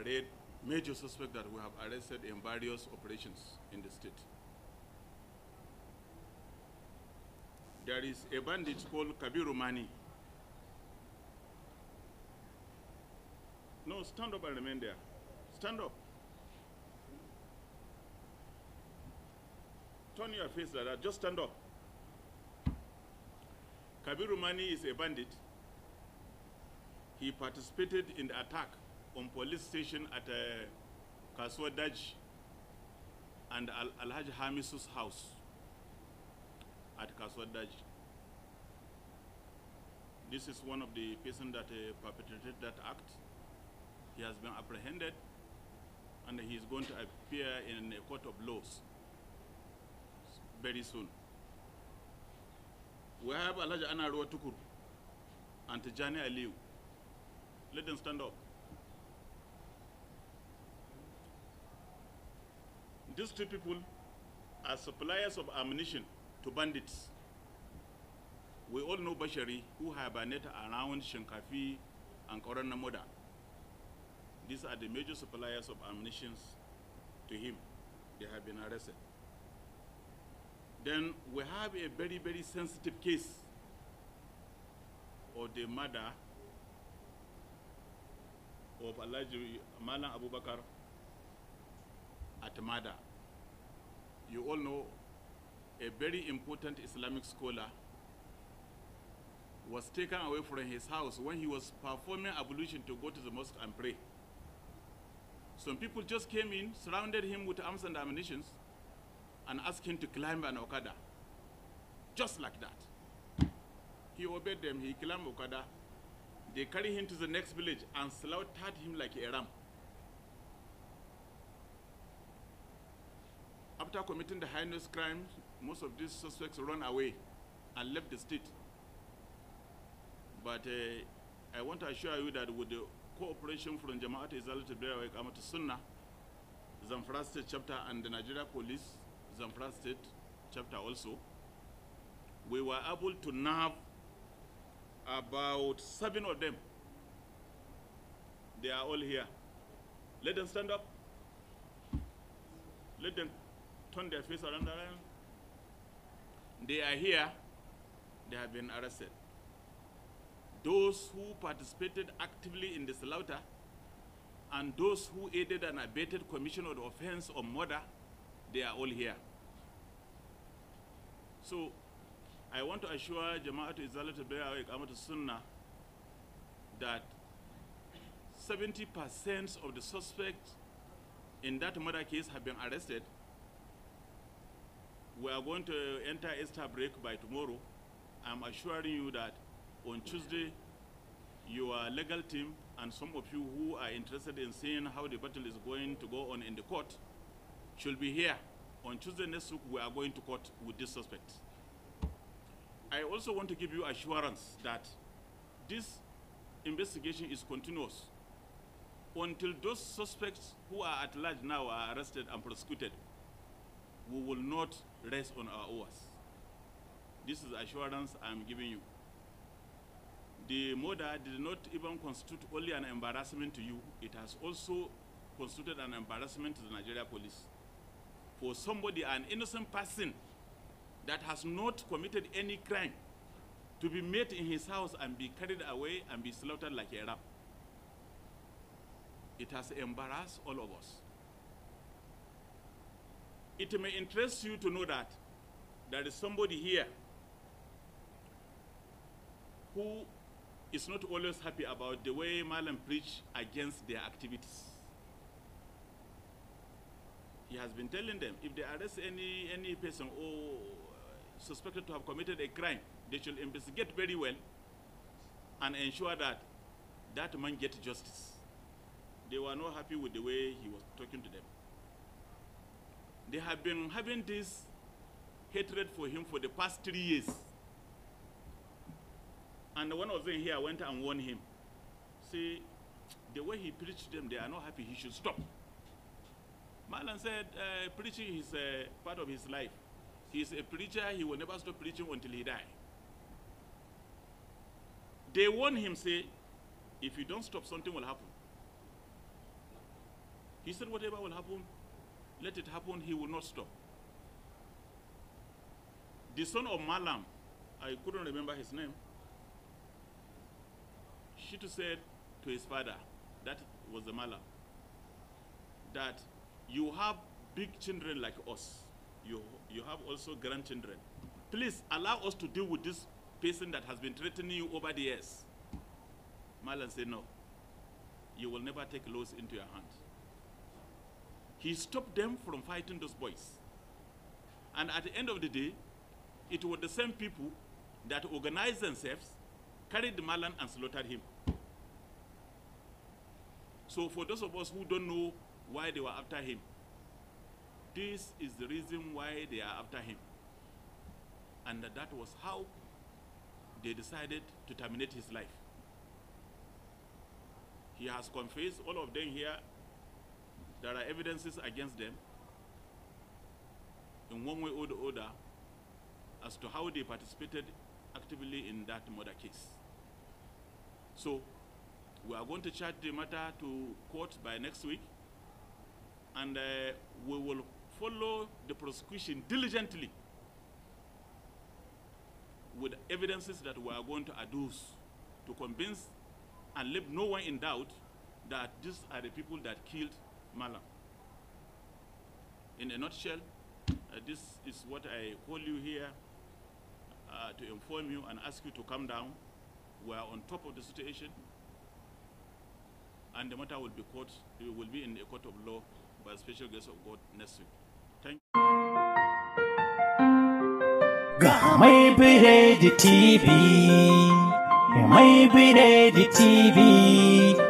arrayed major suspects that we have arrested in various operations in the state. There is a bandit called Kabiru Mani. No, stand up and remain there. Stand up. Turn your face like that. Just stand up. Kabiru Mani is a bandit. He participated in the attack on police station at uh, Kaswa Daj and Al Alhaj Hamisu's house at Kaswa Daj. This is one of the person that uh, perpetrated that act. He has been apprehended and he is going to appear in a court of laws very soon. We have Alhaji Anarua Tukur and Tijani Aliu. Let them stand up. These two people are suppliers of ammunition to bandits. We all know Bashari who hibernate around Shinkafi and Koranamoda. These are the major suppliers of ammunition to him. They have been arrested. Then we have a very, very sensitive case of the murder of Alaji Malan Abubakar murder. You all know a very important Islamic scholar was taken away from his house when he was performing ablution to go to the mosque and pray. Some people just came in, surrounded him with arms and ammunition, and asked him to climb an Okada. Just like that. He obeyed them, he climbed Okada. They carried him to the next village and slaughtered him like a ram. After committing the heinous crimes, most of these suspects run away and left the state. But uh, I want to assure you that with the cooperation from Jamaat Islamic Tabligh Amat Sunnah, Zamfara State Chapter and the Nigeria Police, Zamfara State Chapter also, we were able to nab about seven of them. They are all here. Let them stand up. Let them turn their face around around. They are here, they have been arrested. Those who participated actively in the slaughter and those who aided and abetted commission of offense or murder, they are all here. So I want to assure Jama'at Izzalatu Bayawik Amatu Sunnah that 70% of the suspects in that murder case have been arrested we are going to enter Easter break by tomorrow. I'm assuring you that on Tuesday, your legal team and some of you who are interested in seeing how the battle is going to go on in the court should be here. On Tuesday next week, we are going to court with this suspect. I also want to give you assurance that this investigation is continuous until those suspects who are at large now are arrested and prosecuted we will not rest on our oars. This is assurance I'm giving you. The murder did not even constitute only an embarrassment to you, it has also constituted an embarrassment to the Nigeria police. For somebody, an innocent person that has not committed any crime, to be met in his house and be carried away and be slaughtered like a rap, It has embarrassed all of us. It may interest you to know that there is somebody here who is not always happy about the way Malam preach against their activities. He has been telling them if they arrest any, any person or uh, suspected to have committed a crime, they should investigate very well and ensure that that man gets justice. They were not happy with the way he was talking to them. They have been having this hatred for him for the past three years. And one of them here went and warned him. See, the way he preached them, they are not happy. He should stop. Marlon said, uh, preaching is uh, part of his life. He is a preacher. He will never stop preaching until he die. They warned him, say, if you don't stop, something will happen. He said, whatever will happen, let it happen, he will not stop. The son of Malam, I couldn't remember his name, Shitu said to his father, that was the Malam, that you have big children like us. You, you have also grandchildren. Please allow us to deal with this person that has been threatening you over the years. Malam said, no. You will never take laws into your hands he stopped them from fighting those boys. And at the end of the day, it was the same people that organized themselves, carried the Malan and slaughtered him. So for those of us who don't know why they were after him, this is the reason why they are after him. And that was how they decided to terminate his life. He has confessed, all of them here there are evidences against them in one way or the other as to how they participated actively in that murder case. So we are going to charge the matter to court by next week and uh, we will follow the prosecution diligently with evidences that we are going to adduce to convince and leave no one in doubt that these are the people that killed Malam. In a nutshell, uh, this is what I call you here uh, to inform you and ask you to come down. We are on top of the situation, and the matter will be It will be in a court of law by special grace of God next week. Thank you. Ga mai TV, mai biredi TV.